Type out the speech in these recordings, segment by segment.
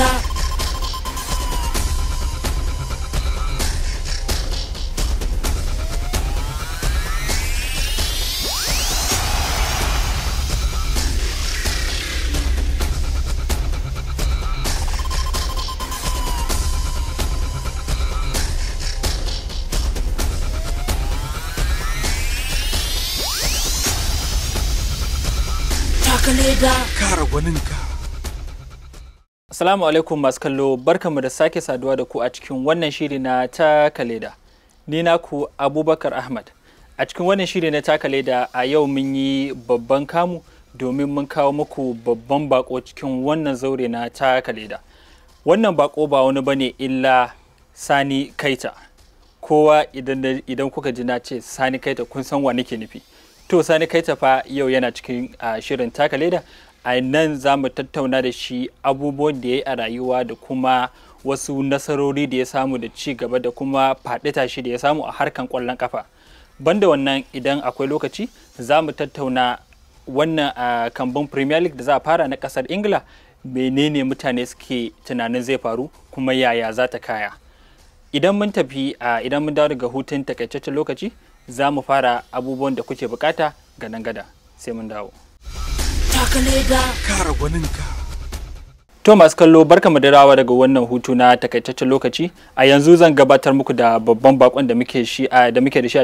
자 Assalamu alaikum masu kallo barkanmu da sake saduwa da ku a cikin wannan shiri na taka leda. Ni ku Abubakar Ahmad. A cikin wannan shiri na taka a yau mun yi babban kamu domin mun kawo muku babban bako cikin wannan zaure na taka leda. Wannan bako ba wani bane illa Sani Kaita. Kowa idan kuka ji na ce Sani Kaita kun san wa nake nufi. To Sani Kaita fa yau yana cikin shirin taka leda a nan za mu tattauna da shi abubuwan da ya yi a rayuwa da kuma wasu nasarori da ya samu da ci gaba da kuma faɗi tashi da ya samu a harkan ƙwallon kafa banda wannan idan akwai lokaci za mu tattauna wannan a kambun premier league da za a fara na ƙasar ingila menene mutane suke tunanin zai faru kuma yaya za ta kaya idan mun tafi a idan mun dawo daga hutun takaitaccen lokaci za mu fara abubuwan da kuke bukata ga nan gada sai mun dawo. Shakalega. Kara gwaninka. To kallo barkamu da rawa daga wannan hutu na takaitaccen lokaci a yanzu zan gabatar muku da babban bakon da muke da shi a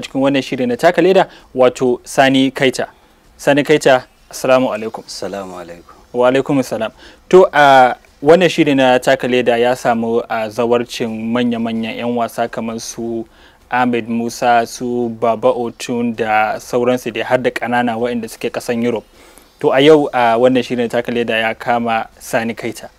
cikin wannan shirin na taka wato Sani Kaita. Sani Kaita assalamu alaikum. Assalamu alaikum. Wa alaikum assalam. To a wannan shiri na taka ya samu a zawarcin manya-manyan 'yan wasa kamar su Ahmed Musa su Baba Otun da sauransu da har da ƙanana waɗanda suke ƙasan Europe. to a yau a wannan shirin taka leda ya kama sani kaita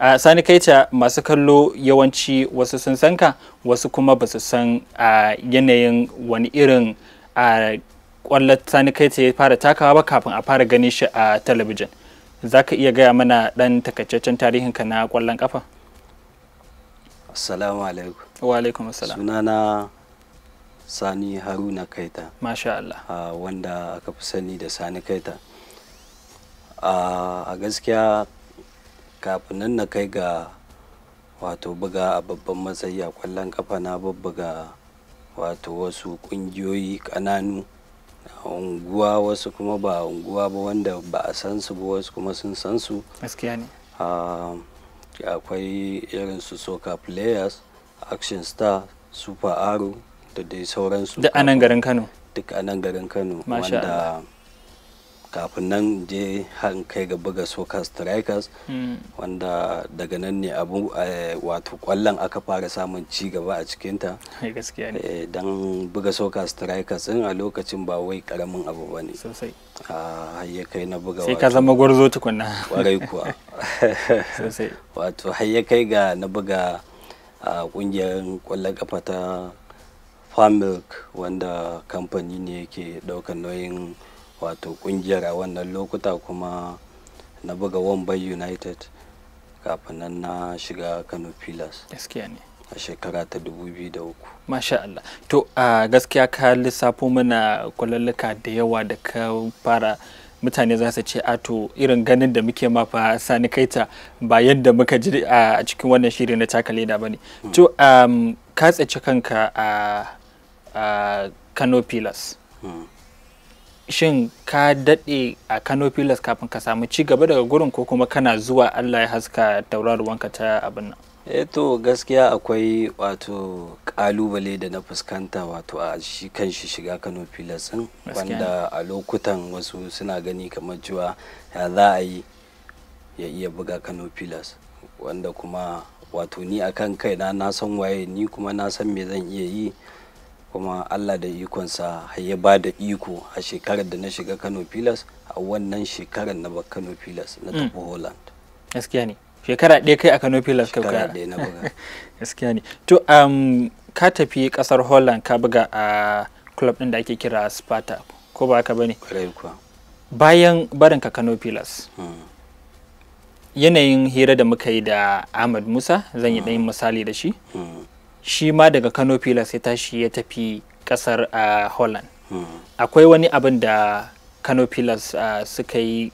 a sani kaita masu kallo yawanci wasu sun sanka wasu kuma ba su san a yanayin wani irin a kwallon sani kaita ya fara takawa ba kafin a fara ganin shi a talabijin za ka iya gaya mana dan tarihin ka na kwallon kafa assalamu alaikum wa alaikum assalam sunana sani haruna kaita masha Allah wanda aka fi sani da sani kaita a gaskiya kafin nan na kai ga wato buga a babban matsayi a kwallon kafa na bubbuga wato wasu kungiyoyi kananu a unguwa wasu kuma ba unguwa ba wanda ba a san su ba wasu kuma sun san su gaskiya ne akwai irin su soka players action star super aro da dai sauransu duk a nan garin kano duk a nan garin kano wanda kafin nan je han kai ga buga soka strikers hmm. wanda daga nan ne abu eh, wato kwallon aka fara samun ci gaba a cikinta eh, eh, don buga soka strikers in a lokacin ba wai karamin abu ba ne ah, a kai na buga sai ka zama gwarzo tukunna kwarai kuwa wato kai ga na buga kungiyar kwallon kafa ta milk wanda kamfani ne yake daukan nauyin wato kungiyar a wannan lokuta kuma na buga wambai united kafin nan na shiga kano pillars gaskiya ne a shekara ta 2003 masha Allah to a gaskiya ka lissafo mana kwalalluka da yawa da ka fara mutane za su ce ato irin ganin da muke ma fa sani kaita ba yadda muka ji a cikin wannan shiri na taka leda ba ne hmm. to ka tsaci kanka a kano pillars hmm. shin ka daɗe a kano kafin ka samu ci gaba daga gurin ko kuma kana zuwa allah ya haska tauraruwanka ta abin nan eto eh gaskiya akwai wato kalubale da na fuskanta wato a shi kan shi shiga kano din wanda a lokutan wasu suna gani kamar cewa ya za a yi ya iya buga kano pillars wanda kuma wato ni akan kai na san waye ni kuma na san me zan iya yi kuma allah da ikonsa har ya ba da iko a shekarar da na shiga kano pilas a wannan shekarar na ba kano pilas na mm. tafi holland gaskiya ne shekara ɗaya kai a kano pilas ka shekara ɗaya na buga gaskiya ne to um, ka tafi kasar holland ka buga a club ɗin da ake kira sparta ko ba haka bane bayan barin ka kano pilas mm. yanayin hira da muka yi da ahmad musa zan yi mm. ɗayin misali da shi shi ma daga kano pila sai tashi ya tafi kasar a uh, holland hmm. akwai wani abin da kano uh, suka yi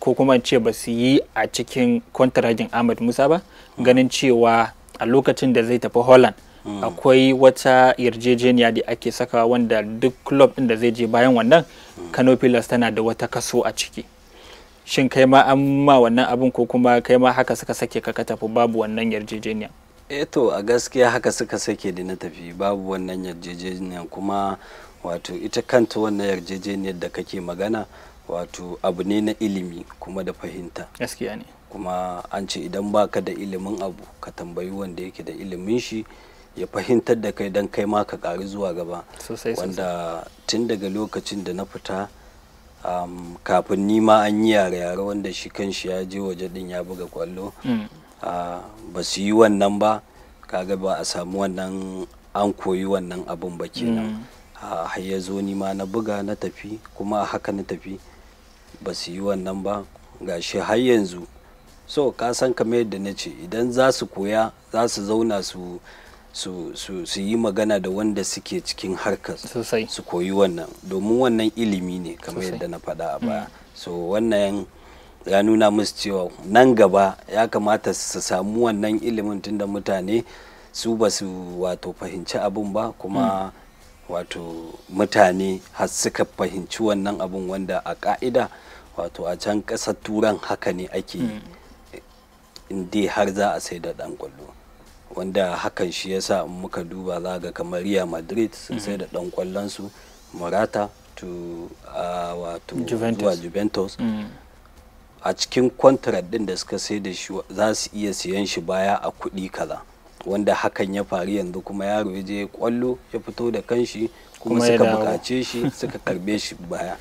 ko kuma ce ba su yi a cikin kwantarajin ahmad musa ba hmm. ganin cewa a lokacin da zai tafi holland hmm. akwai wata yarjejeniya da ake saka wanda duk club din da zai je bayan wannan kano pillars tana da wata kaso a ciki shin kai ma an ma wannan abin ko kuma kai ma haka suka sake ka tafi babu wannan yarjejeniya eto eh a gaskiya haka suka sake da na tafi babu wannan yarjejeniyar kuma wato ita kanta wannan yarjejeniyar da kake magana wato abu ne na ilimi kuma da fahimta gaskiya ne kuma an ce idan baka da ilimin abu ka tambayi wanda yake da ilimin shi ya fahimtar da kai don kai ma ka ƙari zuwa gaba wanda tun daga lokacin da na fita kafin ni ma an yi yare-yare wanda shi kan shi ya je waje din ya buga kwallo mm. ba su yi wannan ba kaga ba a samu wannan an koyi wannan abun ba kenan mm. har ya zo ni ma na buga na tafi kuma haka na tafi ba su yi wannan ba ga shi har yanzu so ka san kamar yadda na ce idan za su koya za su zauna su su, su, su yi magana da wanda suke cikin harkar su koyi wannan domin wannan ilimi ne kamar yadda na faɗa a baya mm. so wannan ya nuna musu cewa nan gaba ya kamata su samu wannan ilimin tun da mutane su ba su wato fahimci abin ba kuma hmm. wato mutane har suka fahimci wannan abin wanda a ka'ida wato a can ƙasar turan haka ne ake hmm. inda har za a sai da ɗan kwallo wanda hakan shi ya sa muka duba za ga kamar Real Madrid sun hmm. sai da ɗan kwallonsu marata to ah, wato Juventus a cikin kwantarat ɗin da suka sai da shi za su iya siyan shi baya a kuɗi kaza wanda hakan ya faru yanzu kuma yaro ya je kwallo ya fito da kanshi kuma suka bukace shi suka karbe shi baya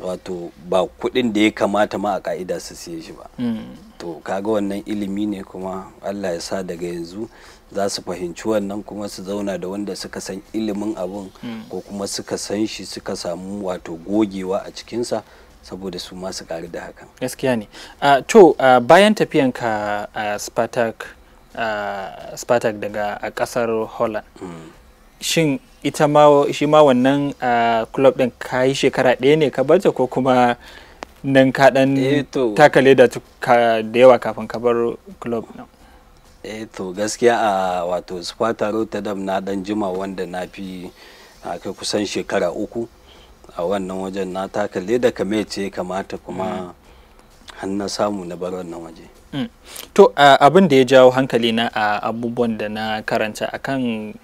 wato ba kuɗin da ya kamata ma a ka'ida su siye shi ba hmm. to kaga wannan ilimi ne kuma allah ya sa daga yanzu za su fahimci wannan kuma su zauna da wanda suka san ilimin abun hmm. ko kuma suka san shi suka samu wato gogewa a cikinsa saboda su masu ƙari da hakan gaskiya ne to bayan tafiyan ka spartak daga a ƙasar holland mm. shin ita ma shi ma wannan club ɗin ka yi shekara ɗaya ne ka barta ko kuma nan ka dan eh, takale da yawa kafin ka bar club eh to gaskiya a wato sparta rotterdam na dan jima wanda na fi kai kusan shekara uku a wannan wajen na taka da kame ce kamata kuma har samu na bar wannan waje mm. to abin da ya jawo hankali na a abubuwan da na karanta akan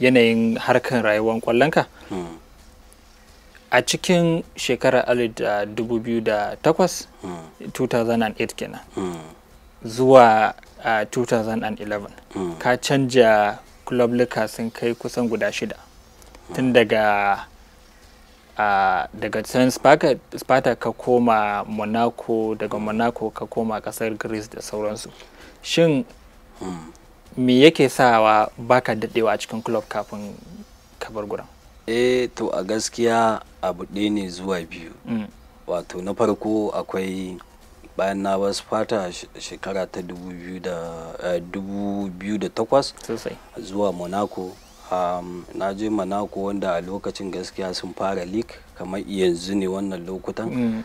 yanayin harkar rayuwar kwallonka mm. a cikin shekarar 2008 2008 mm. kenan zuwa 2011 ka canja club sun kai kusan guda shida tun daga Uh, daga can sparta ka koma monaco daga monaco ka koma kasar greece da sauransu shin me yake sawa baka daɗewa a cikin club kafin ka bar gudan e eh, to a gaskiya abu ɗaya ne zuwa biyu mm. wato na farko akwai bayan na ba sparta shekara ta 2008 eh, zuwa monaco um, na je manako wanda a lokacin gaskiya sun fara leak kamar yanzu ne wannan lokutan mm.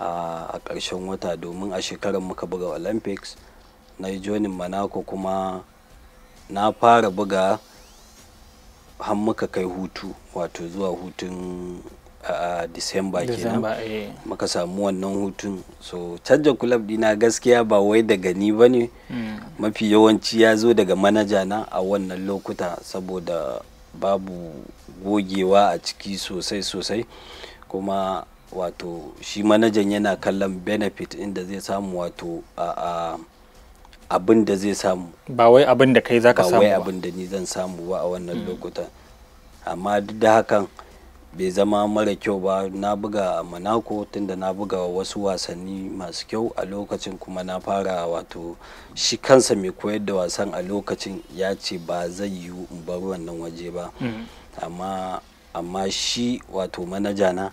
a ƙarshen wata domin a shekarar muka buga olympics na yi jonin manako kuma na fara buga har muka kai hutu wato zuwa hutun a Disemba kenan eh. muka samu wannan hutun so canja club dina gaskiya ba wai daga ni ba ne hmm. mafi yawanci ya zo daga manaja na a wannan lokuta saboda babu gogewa a ciki sosai sosai kuma wato shi manajan yana kallon benefit inda zai samu wato a abin da zai samu ba wai abin da kai zaka samu ba wai abin da ni zan samu ba a wannan hmm. lokuta amma duk da hakan bai zama mara kyau ba na buga a monaco tunda na buga wasu wasanni masu kyau a lokacin kuma na fara wato shi kansa mai koyar da wasan a lokacin ya ce ba zai yiwu in bar wannan waje ba mm. amma amma shi wato manaja na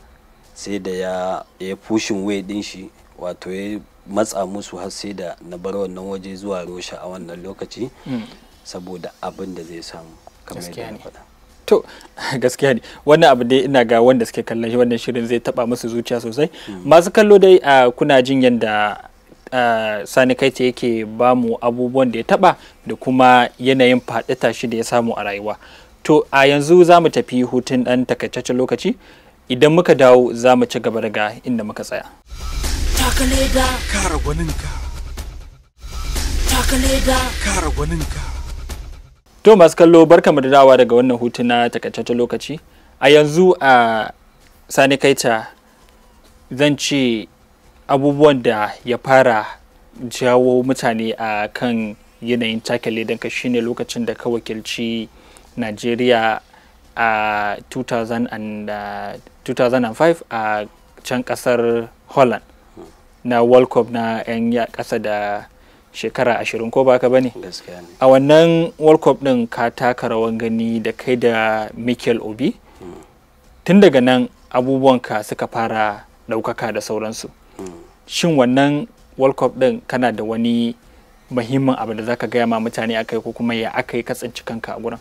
sai da ya ya fushin way din shi wato ya matsa musu har sai da na bar wannan waje zuwa rosha a wannan lokaci mm. saboda abin da zai samu kamar yadda na faɗa to gaskiya ne wannan abu dai ina ga wanda suke kallon shi wannan shirin zai taba musu zuciya sosai hmm. masu kallo dai a kuna jin yadda sani kai ta yake ba mu abubuwan da ya taba da kuma yanayin faɗita tashi da ya samu a rayuwa to a yanzu za mu tafi hutun ɗan takaitaccen lokaci idan muka dawo za mu ci gaba daga inda muka tsaya. Taka Kara gwaninka. Taka Kara gwaninka. to masu kallo barkamu da dawa daga wannan hutu na takaitaccen lokaci a yanzu a sani kaita zan ce abubuwan da ya fara jawo mutane a kan yanayin take ledanka shine lokacin da ka wakilci najeriya a 2005 a can kasar holland na world cup na 'yan kasa da shekara ashirin ko baka ka bane a wannan world cup din ka taka rawan gani da kai da michael obi hmm. tun daga nan abubuwanka suka fara ɗaukaka da sauransu hmm. shin wannan world cup din kana da wani muhimmin abu da zaka gaya ma mutane akai ko kuma ya aka yi kanka a gurin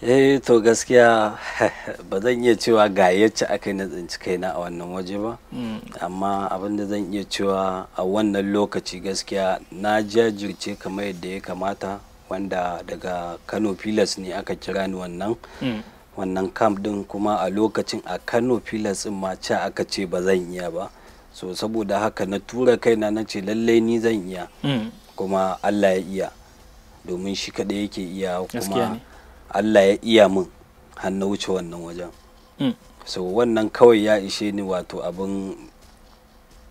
eh to gaskiya ba zan iya cewa ga yacce aka yi na tsinci kaina a wannan waje ba hmm. amma abin da zan iya cewa a wannan lokaci gaskiya na jajirce kamar yadda ya kamata wanda daga kano pilas ne aka kira ni wannan hmm. wannan camp din kuma a lokacin a kano pilas ma ce aka ce ba zan iya ba so saboda haka na tura kaina na ce lallai ni zan iya hmm. kuma allah ya iya domin shi kaɗai yake iya kuma allah ya iya min hannu wuce wannan wajen hmm. so wannan kawai ya ishe ni wato abin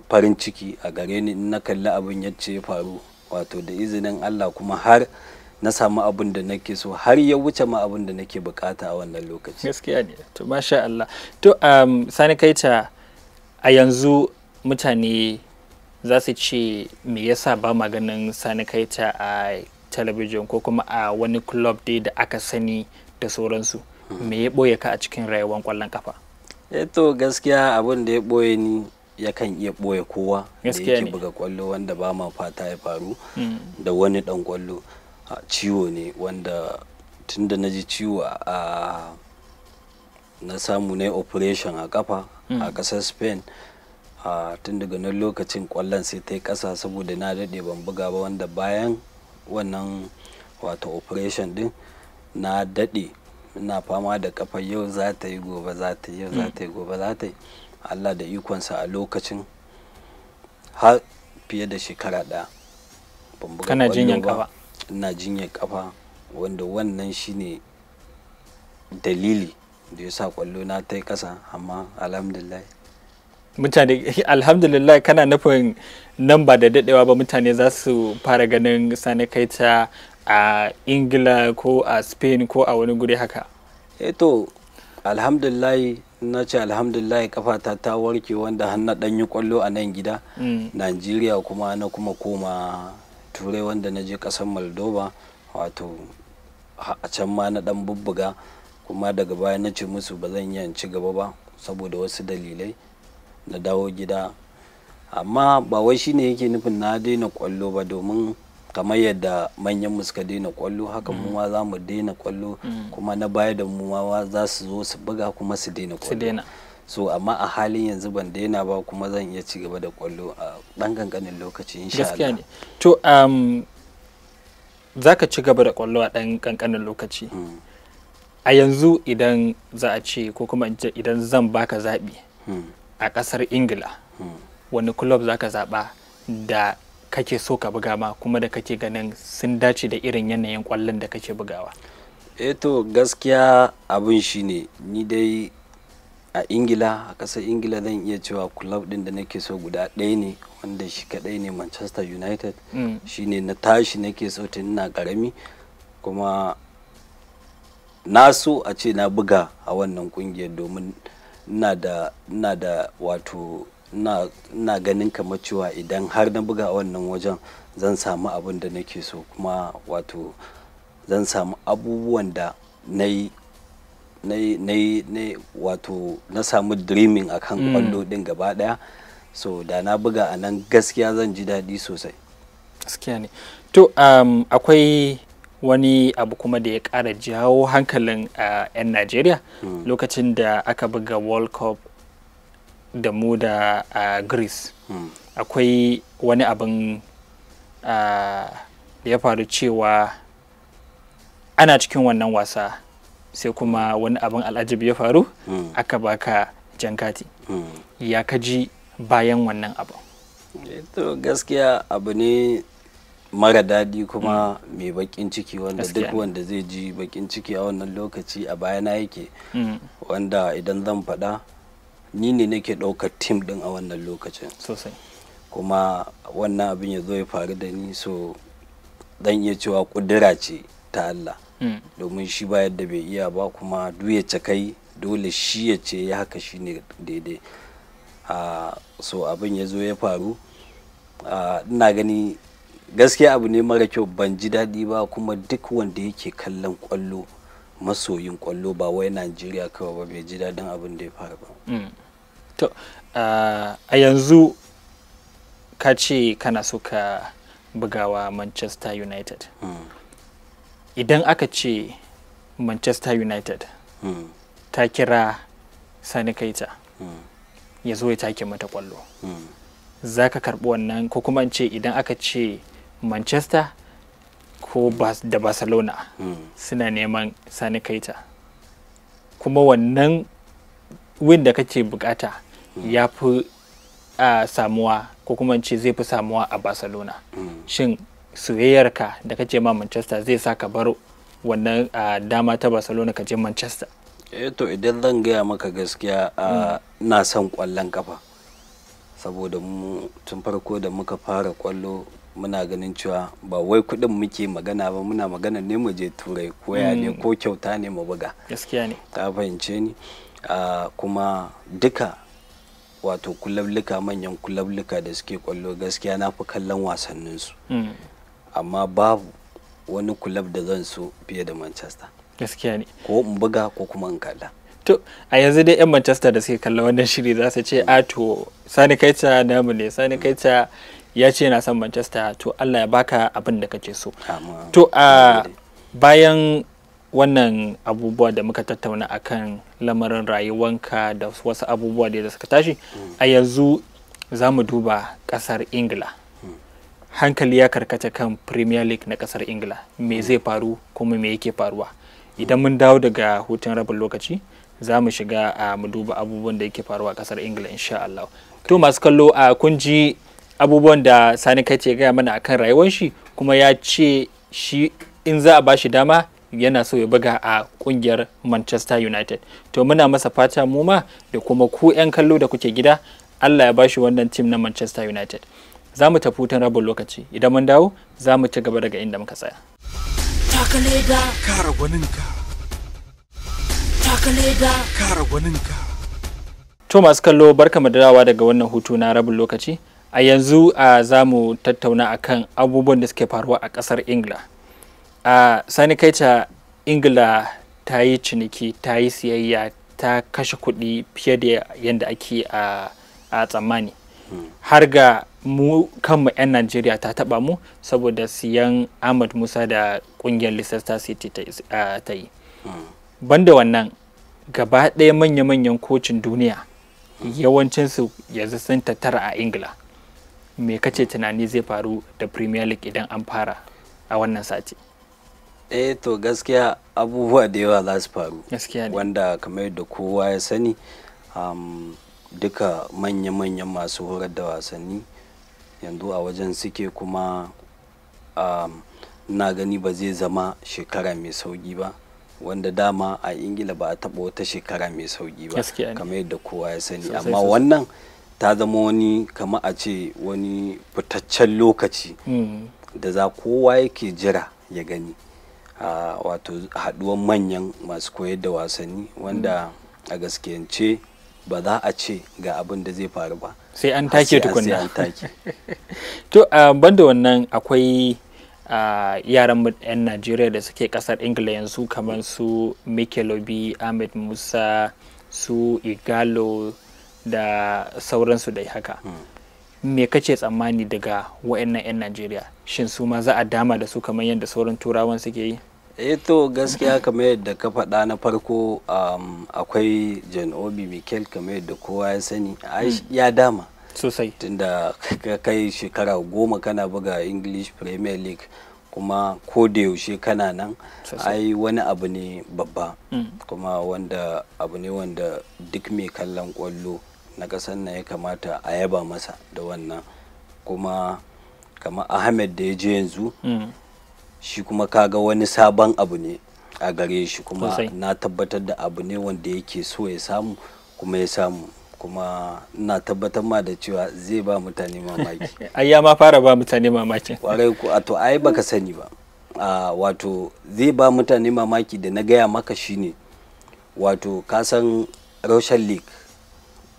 farin ciki a gare ni na kalli abin yacce ya faru wato da izinin allah kuma har na samu abin da nake so har ya wuce ma abin da nake bukata a wannan lokaci gaskiya ne to masha allah to um, sani kaita a yanzu mutane za su ce me yasa ba maganin sani kaita a talabijin ko kuma a wani club dai da aka sani da sauransu me ya ɓoye ka a cikin rayuwar kwallon kafa eh to gaskiya abin da ya ɓoye ni yakan iya ɓoye kowa da yake buga kwallo wanda ba ma fata ya faru hmm. da wani dan kwallo ciwo ne wanda tun da na ji ciwo a na samu na operation a kafa hmm. a ƙasar spain tun daga nan lokacin kwallon sai ta yi ƙasa saboda na daɗe ban buga ba wanda bayan wannan wato operation din na daɗe ina fama da kafa yau za ta yi gobe za ta yi yau za ta yi gobe za ta yi allah da ikonsa a lokacin har fiye da shekara ɗaya kana jinyan kafa ina jinyan kafa wanda wannan shine dalili da ya sa kwallo na ta yi ƙasa amma alhamdulillah mutane alhamdulillah kana nufin nan ba da dadewa ba mutane za su fara ganin sani kaita a ingila ko a spain ko a wani guri haka eto eh alhamdulillah na ce alhamdulillah kafata ta warke wanda hannu dan yi kwallo a nan gida mm. najeriya kuma na kuma koma turai wanda na je kasar moldova wato a can ma na dan bubbuga kuma daga baya na ce musu ba zan yi ci gaba ba saboda wasu dalilai na dawo gida amma ba wai shine yake nufin na daina kwallo ba domin kamar yadda manyan mu suka daina kwallo haka mu ma za mu daina kwallo mm. kuma na baya da mu ma za su zo su buga kuma su daina kwallo so amma a halin yanzu ban daina ba kuma zan iya ci gaba da kwallo a dan kankanin lokaci insha Allah gaskiya ne to um zaka ci gaba da kwallo a dan kankanin lokaci mm. a yanzu idan za a ce ko kuma idan zan baka zabi mm. a kasar ingila wani club zaka zaba da kake so ka buga ma kuma da kake ganin sun dace da irin yanayin kwallon da kake bugawa eto eh gaskiya abin shine ni dai a ingila a kasar ingila zan iya cewa club din da nake so guda ɗaya ne wanda shi kaɗai ne manchester united mm. shine na tashi nake so tun ina karami kuma na so a ce na buga a wannan kungiyar domin na da na da wato na, na ganin kamar cewa idan har na buga wannan wajen zan samu abin da nake so kuma wato zan samu abubuwan da na yi na wato na samu dreaming a kan mm. kwallo din gaba daya so da na buga a nan gaskiya zan ji daɗi sosai gaskiya ne to um, akwai wani abu kuma da ya kara jawo hankalin 'yan najeriya hmm. lokacin da aka buga world cup da mu da greece hmm. akwai wani abin da ya faru cewa ana cikin wannan wasa sai kuma hmm. wani abin al'ajabi ya faru aka baka jan kati ya kaji bayan wannan abu eh, gaskiya abu ne mara daɗi kuma mai bakin ciki wanda duk wanda zai ji bakin ciki a wannan lokaci a bayana yake mm. wanda idan zan faɗa ni ne nake ɗaukar tim ɗin a wannan lokacin sosai kuma wannan abin ya zo ya faru da ni so dan iya cewa kudura ce ta Allah mm. domin shi ba yadda bai iya ba kuma duk ya cakai dole shi ya ce ya haka shi ne daidai ah, so abin ya zo ya faru ah, ina gani gaskiya abu ne mara kyau ban ji daɗi ba kuma duk wanda yake kallon kwallo masoyin kwallo ba wai najeriya kawai ba bai ji daɗin abin da ya faru ba mm. to a yanzu ka ce kana so ka bugawa manchester united mm. idan aka ce manchester united mm. ta kira sani kaita ya zo ya take mata kwallo za ka karɓi wannan ko kuma ce idan aka ce manchester ko da barcelona hmm. suna neman sani kaita kuma wannan win da kake bukata hmm. ya fi samuwa ko kuma ce zai fi samuwa a barcelona hmm. shin soyayyarka da kace ma manchester zai sa ka bar wannan dama ta barcelona ka je manchester eh to idan zan gaya maka gaskiya na son kwallon kafa saboda mu tun farko da muka fara kwallo muna ganin cewa ba wai kuɗin muke magana ba muna magana ne mu je turai ko ya ne mm. ko kyauta ne mu buga gaskiya ne ta fahimce ni kuma duka wato kulabluka manyan kulabluka da suke kwallo gaskiya na fi kallon wasannin su mm. amma babu wani kulab da zan so fiye da manchester gaskiya ne ko in buga ko kuma in kalla to a yanzu dai 'yan manchester da suke kalla wannan shiri za su ce a to sani kaita namu ne sani kaita ya ce yana san manchester to allah ya baka abin da kake so to a bayan wannan abubuwa da muka tattauna akan lamarin rayuwanka da wasu abubuwa da suka tashi a yanzu za mu duba kasar ingila hankali ya karkata kan premier league na kasar ingila me zai faru kuma me yake faruwa idan mun dawo daga hutun rabin lokaci za mu shiga a mu duba abubuwan da yake faruwa a kasar ingila insha Allah to masu kallo a kun ji abubuwan da sani kai ya gaya mana akan rayuwar shi kuma ya ce shi in za a bashi dama yana so ya buga a kungiyar manchester united to muna masa fata mu ma da kuma ku 'yan kallo da kuke gida allah ya bashi wannan tim na manchester united za mu tafi hutun rabin lokaci idan mun dawo za mu ci gaba daga inda muka tsaya kara kara to masu kallo barka dawowa daga wannan hutu na rabin lokaci a yanzu a za mu tattauna akan abubuwan da suke faruwa a kasar ingila a sani ta ingila ta yi ciniki ta yi siyayya ta kashe kuɗi fiye da yadda ake a tsammani har ga mu kanmu 'yan najeriya ta taba mu saboda siyan ahmad musa da kungiyar leicester city ta yi banda wannan gaba ɗaya manya-manyan kocin duniya yawancinsu yanzu sun tattara a ingila me kace tunani zai faru da premier league idan an fara a wannan sati eh to gaskiya abubuwa da yawa za su faru wanda kamar yadda kowa ya sani um, duka manya-manyan masu horar da wasanni yanzu a wajen suke kuma um, na gani ba zai zama shekara mai sauki ba wanda dama a ingila ba a taɓa wata shekara mai sauki ba kamar yadda kowa ya sani amma wannan ta zama wani kama a ce wani fitaccen lokaci mm. da za kowa yake jira ya gani wato haduwan manyan masu koyar da wasanni wanda a gaskiyance ba za a ce ga abin da zai faru ba sai an take tukunna to banda wannan akwai yaran 'yan najeriya da suke kasar ingila yanzu kamar su mikelobi ahmed musa su igalo da sauransu dai haka hmm. me kace tsammani daga wa'annan 'yan najeriya shin su ma za a dama da su kamar yadda sauran turawan suke yi e to gaskiya kamar yadda ka faɗa na farko um, akwai jan obi mikel kamar yadda kowa ya sani hmm. ya dama sosai tunda ka kai shekara goma kana buga english premier league kuma ko da yaushe kana nan ai wani abu ne babba hmm. kuma wanda abu ne wanda duk mai kallon kwallo na ƙasar na ya kamata a yaba masa da wannan kuma kamar ahmed da ya je yanzu mm. shi kuma kaga wani sabon abu ne a gare shi kuma na tabbatar da abu ne wanda yake so ya samu kuma ya samu kuma ina tabbatar ma da cewa zai ba mutane mamaki ayya ma fara ba mutane mamaki kwarai ku to ai baka sani ba wato zai ba mutane mamaki da na gaya maka shine wato kasan Russian League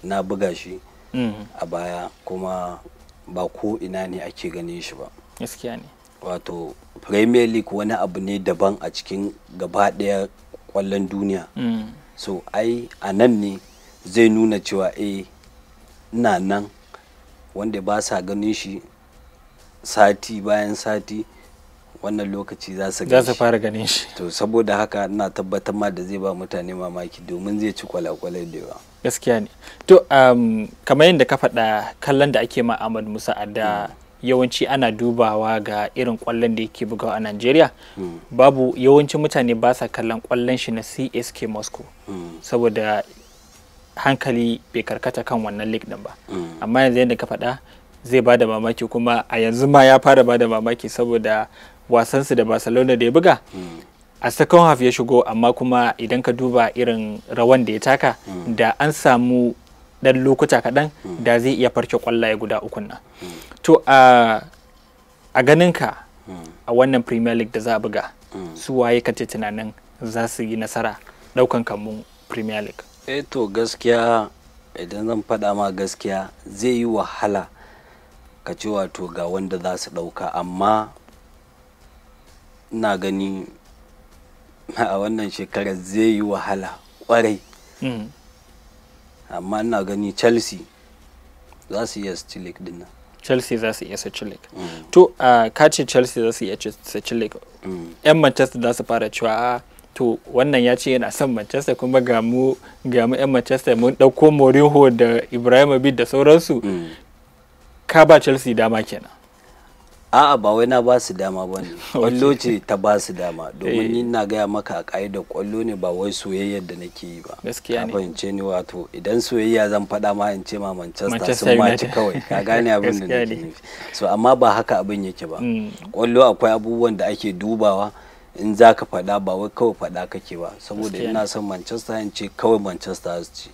na buga shi mm. a baya kuma ba ko ina ne ake ganin shi ba gaskiya ne wato premier league wani abu ne daban a cikin gaba ɗaya kwallon duniya mm. so ai a nan ne zai nuna cewa eh ina nan wanda ba sa ganin shi sati bayan sati wannan lokaci za su za fara ganin shi to saboda haka ina tabbatar ma da zai ba mutane mamaki domin zai ci kwalakwalai da yawa gaskiya ne to um, kamar yadda ka faɗa kallon da ake ma Ahmad Musa a da mm. yawanci ana dubawa ga irin kwallon da yake bugawa a Najeriya mm. babu yawancin mutane ba sa kallon kwallon shi na CSK Moscow mm. saboda hankali bai karkata kan wannan league din ba mm. amma yanzu yadda ka faɗa zai ba mamaki kuma a yanzu ma ya fara bada mamaki saboda wasansu da barcelona da ya buga hmm. a second half ya shigo amma kuma idan ka duba irin rawan da ya taka hmm. da an samu dan lokuta kaɗan hmm. da zai iya farke kwallaye guda ukun nan to a ganinka a wannan premier league da za a buga su waye kace tunanin za su yi nasara ɗaukan kamun premier league eh to gaskiya idan zan faɗa ma gaskiya zai yi wahala ka ce wato ga wanda za su ɗauka amma ina gani a wannan shekarar zai yi wahala kwarai hmm. amma ina gani chelsea za su iya stilik dinna chelsea za su iya sacilik hmm. to ka ce chelsea za su iya sacilik hmm. yan manchester za su fara cewa ah, to wannan ya ce yana son manchester kuma ga mu yan manchester mun ɗauko moriho da ibrahimovic da sauransu ka ba chelsea dama kenan a'a ba wai na ba su dama ba ne kwallo ce ta ba su dama eh. domin ni na gaya maka a ka'idar kwallo ne ba wai soyayyar da nake yi ba gaskiya ne fahimce ni wato idan soyayya zan faɗa ma in ce ma Manchester sun mace kawai ka gane abin da nake nufi so amma ba haka abin yake ba mm. kwallo akwai abubuwan da ake dubawa in za ka faɗa ba wai kawai faɗa kake ba saboda ina son Manchester in ce kawai Manchester su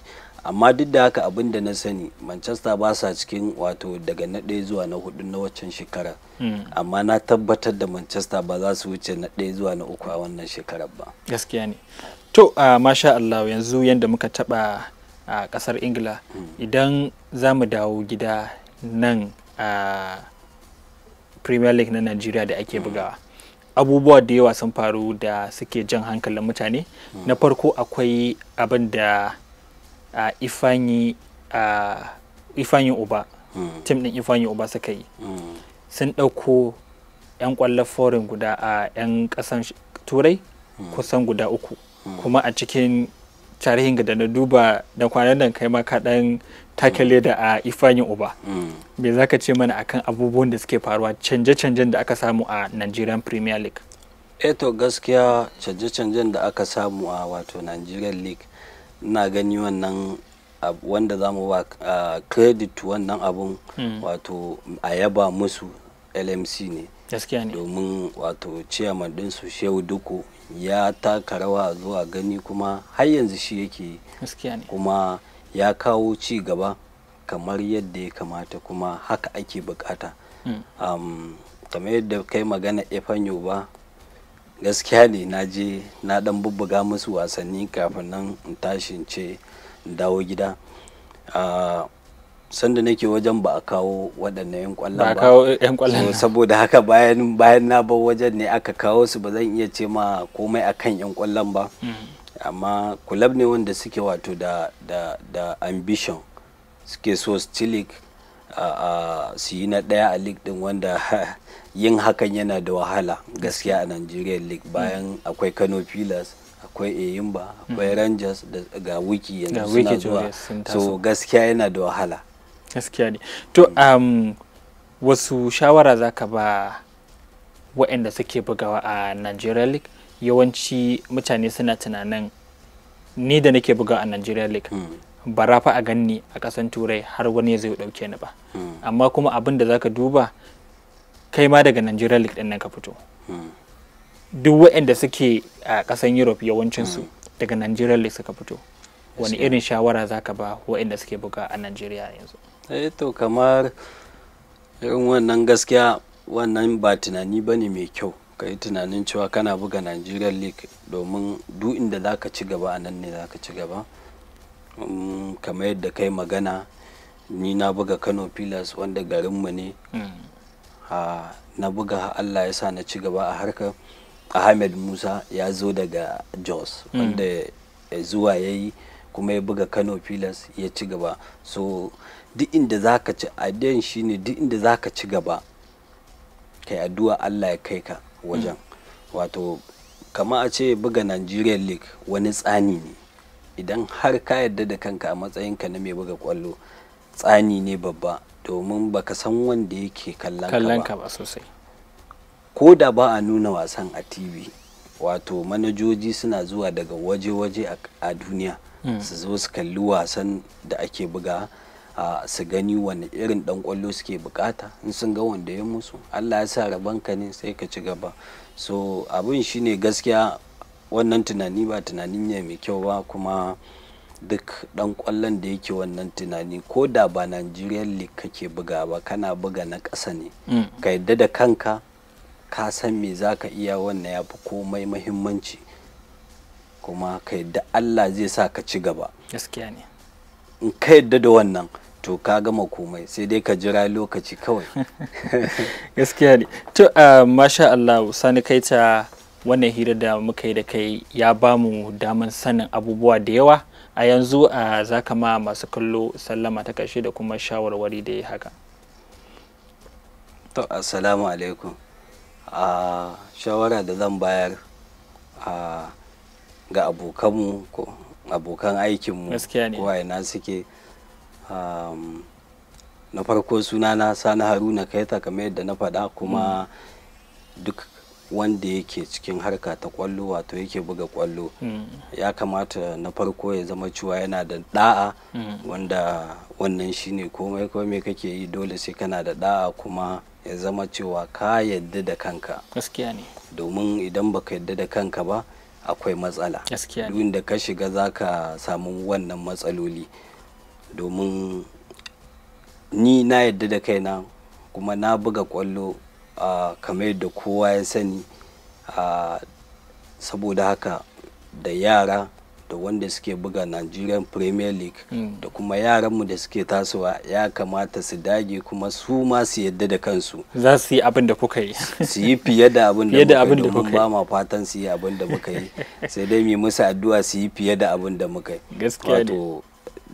amma duk da haka abin da na sani manchester ba sa cikin wato daga na ɗaya zuwa na hudu na waccan shekara hmm. amma na tabbatar da manchester ba za su wuce na ɗaya zuwa na uku a wannan shekarar ba gaskiya ne to a ah, masha allah yanzu yadda muka taba a ah, kasar ingila hmm. idan za mu dawo gida nan a ah, premier league na nigeria da ake hmm. bugawa abubuwa da yawa sun faru da suke jan hankalin mutane na farko akwai abin da a uh, ifanyi uh, uba hmm. tim din ifanyi uba suka yi hmm. sun ɗauko 'yan kwallo foreign guda a uh, 'yan kasan turai hmm. kusan guda uku kuma a cikin tarihin da na duba da kwanan nan kai ma kaɗan takale da a ifanyi uba me za ce mana akan abubuwan da suke faruwa canje-canjen da aka samu a nigerian premier league eto eh gaskiya canje-canjen da aka samu a wato nigerian league ina gani wannan wanda za mu ba credit wannan abun hmm. wato a yaba musu lmc ne gaskiya domin wato chairman din su shehu duku ya taka rawa zuwa gani kuma har yanzu shi yake kuma ya kawo ci gaba kamar yadda ya kamata kuma haka ake bukata hmm. kamar yadda kai magana efanyo ba gaskiya ne na je na dan bubbuga musu wasanni kafin nan in tashi ce dawo gida sanda nake wajen ba a kawo waɗannan 'yan kwallon ba a kawo 'yan kwallon saboda haka bayan bayan na bar wajen ne aka kawo su ba zan iya ce ma komai akan 'yan kwallon ba mm-hmm. amma kulab ne wanda suke wato da da da ambition suke so su ci su yi na ɗaya a league ɗin wanda yin hakan yana da wahala gaskiya a nigeria league bayan akwai kano pillars akwai eyimba akwai hmm. rangers ga wiki yanzu suna zuwa so gaskiya yana da wahala gaskiya ne to hmm. um, wasu shawara za ka ba waɗanda suke bugawa a nigeria league yawanci mutane suna tunanin ni da nake bugawa a nigeria league hmm. bara fa a ganni a kasan turai har wani ya zai dauke ni ba amma kuma abin da zaka duba kai ma daga Nigeria League din nan ka fito duk waɗanda suke a kasan Europe yawancinsu daga Nigeria League suka fito wani irin shawara zaka ba waɗanda suke buga a Nigeria yanzu eh to kamar irin wannan gaskiya wannan ba tunani bane mai kyau ka yi tunanin cewa kana buga nigeria League domin duk inda zaka ci gaba a nan ne za ka ci gaba Um, kamar yadda kai magana ni na buga kano pilas wanda garinmu ne hmm. ah, na buga allah ya sa na ci gaba a harkar ahmed musa ya zo daga jos hmm. wanda ya zuwa ya yi kuma ya buga kano pilas ya ci gaba so duk inda za ka ci adiyan shine duk inda za ka ci gaba kai addu'a allah ya kai ka wajen hmm. wato kama a ce buga nigerian league wani tsani ne idan har ka yarda da kanka a matsayinka na mai buga kwallo tsani ne babba domin baka san wanda yake kallon ka ba sosai ko da ba a nuna wasan a tv wato manajoji suna zuwa daga waje-waje a duniya hmm. su zo su kalli wasan da ake buga su gani wani irin dan kwallo suke bukata in sun ga wanda ya musu allah ya sa rabanka ne sai ka ci gaba so abin shine gaskiya wannan tunani ba tunanin ne mai kyau ba kuma duk dan kwallon da yake wannan tunani ko da ba nigerian league kake buga ba kana buga na ƙasa ne mm. ka yadda da kanka ka san me za ka iya wannan ya fi komai mahimmanci kuma ka yadda allah zai sa ka ci gaba gaskiya ne in ka yadda da wannan to ka gama komai sai dai ka jira lokaci kawai gaskiya ne to ah, masha allah sani kai ta wannan hira da muka yi da kai ya ba mu daman sanin abubuwa da yawa a yanzu a zaka ma masu kallo sallama ta ƙarshe da kuma shawarwari da ya haka to assalamu alaikum a shawara da zan bayar a ga abokanmu ko abokan aikinmu kowa ina suke na farko sunana sani haruna kaita kamar yadda na faɗa kuma mm. duk wanda yake cikin harka ta kwallo wato yake buga kwallo hmm. ya kamata na farko ya zama cewa yana da da'a hmm. wanda wannan shine komai komai kake yi dole sai kana da da'a kuma ya zama cewa ka yadda da kanka gaskiya ne domin idan baka yadda da kanka ba akwai matsala duk da ka shiga zaka samu wannan matsaloli domin ni na yadda da kaina kuma na buga kwallo kamar yadda kowa ya sani saboda haka da yara da wanda suke buga nigerian premier league mm. da kuma yaranmu da suke tasowa ya kamata su dage kuma su ma su yadda da kansu za su yi abin da kuka yi su yi fiye da abin da muka yi domin ba ma fatan su yi abin da muka yi sai dai mai musu addu'a su yi fiye da abin da muka yi gaskiya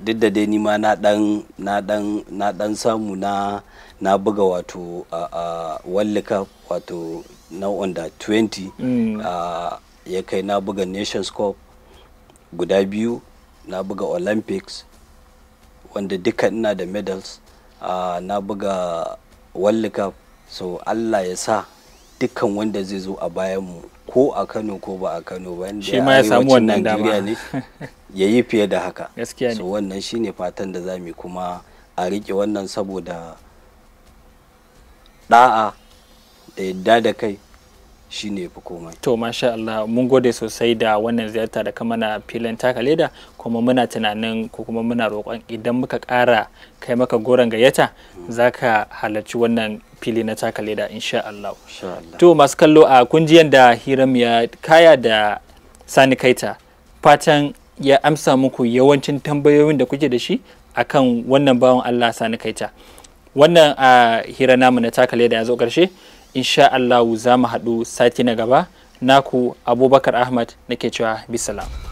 duk da dai nima na dan na dan na dan samu na na buga wato a world cup wato na under 20 mm. ya kai na buga nations cup guda biyu na buga olympics wanda duka ina da medals na buga world cup so allah ya sa dukkan wanda zai zo a bayan mu. ko a Kano ko ba a Kano ba inda shi ma ya samu wannan dama ne ya yi fiye da haka gaskiya ne so wannan shine fatan da zamu kuma a rike wannan saboda da'a da yadda da kai shi ne fi komai. To masha Allah mun gode sosai da wannan ziyarta da ka mana filin taka leda kuma muna tunanin ko kuma muna roƙon idan muka ƙara kai maka goron gayyata za ka halarci wannan fili na taka leda insha Allah to masu kallo a kunjiyan da hiram ya kaya da sani kaita fatan ya amsa muku yawancin tambayoyin da kuke da shi akan wannan bawan Allah sani kaita wannan a hira namu na taka leda ya zo karshe insha Allah za mu haɗu sati na gaba naku abubakar ahmad nake cewa bisalam